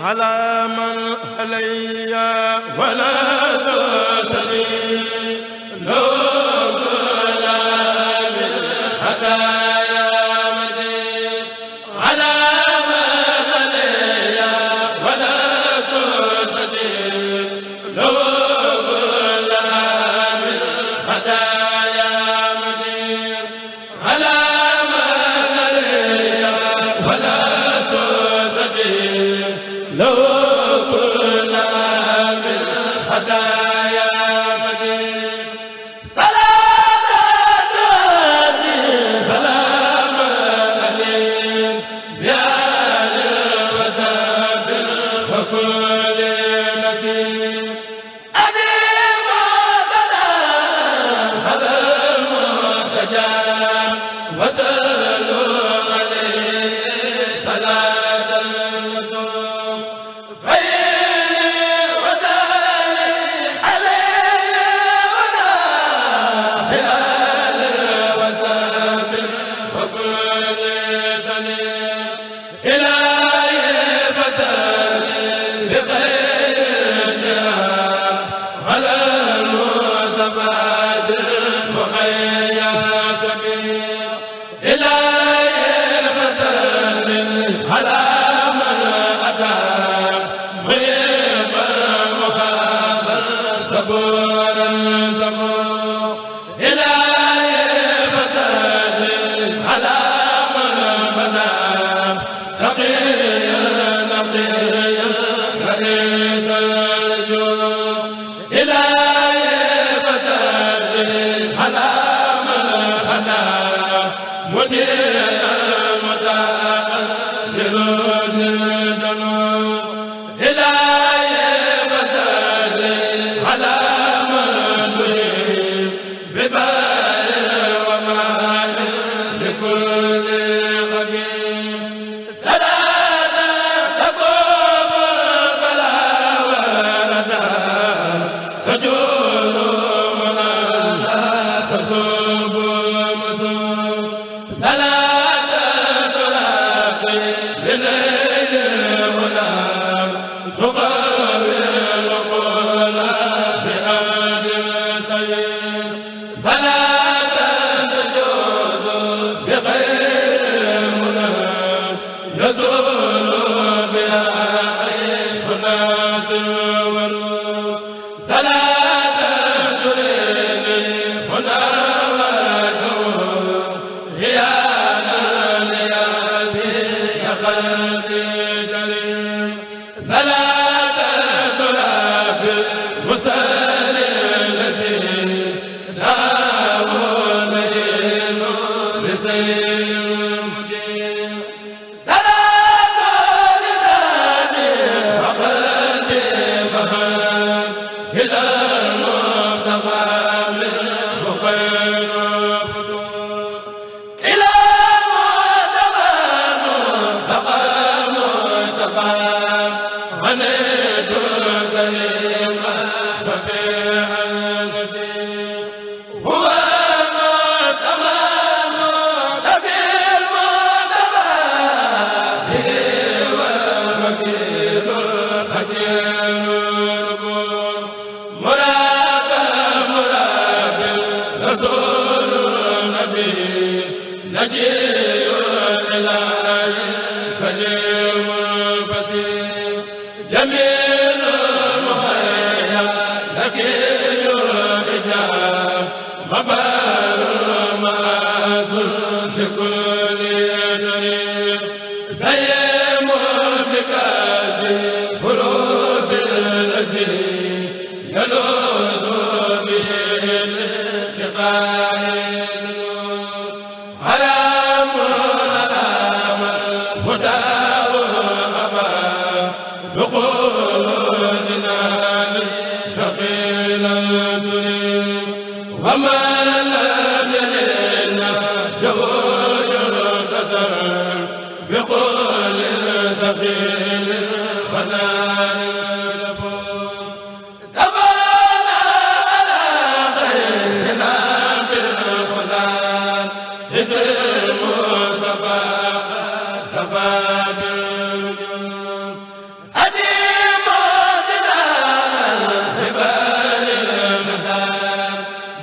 على من علي ولا تسلي na baba Amin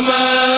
Muhammad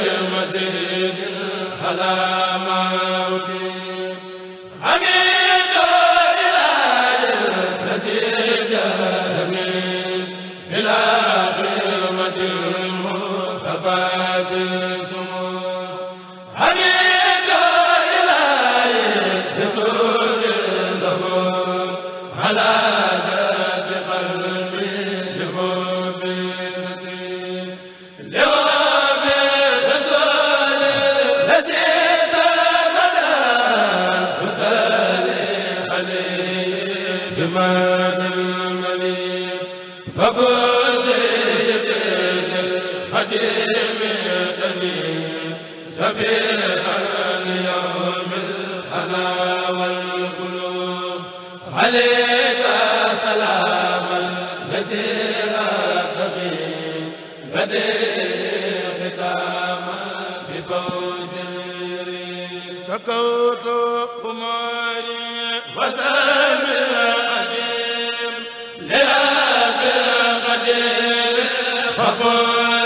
Papa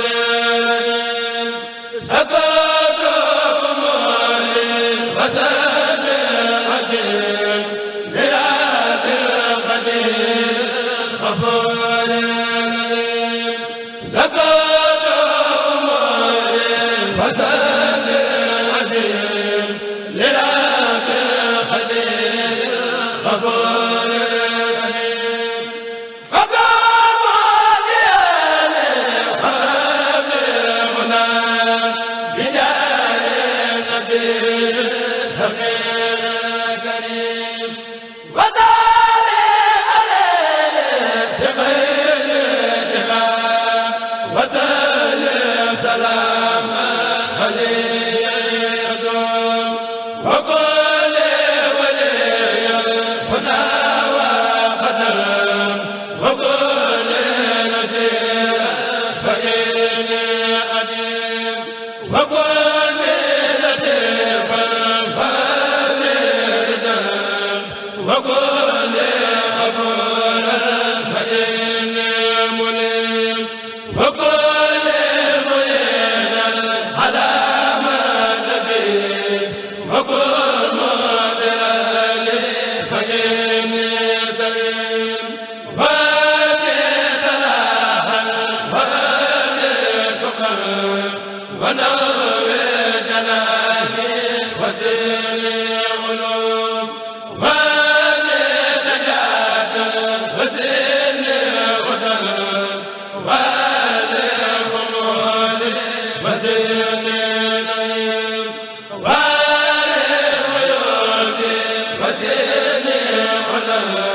la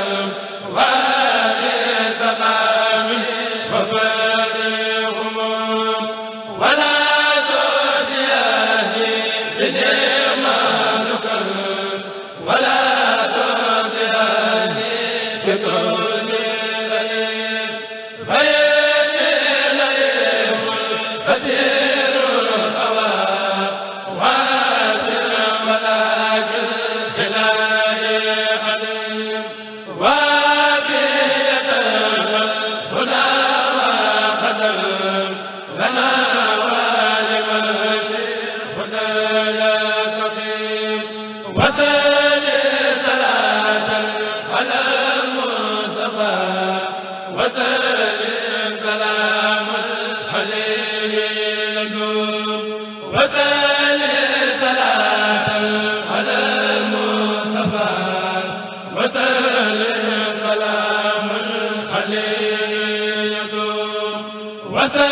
وسل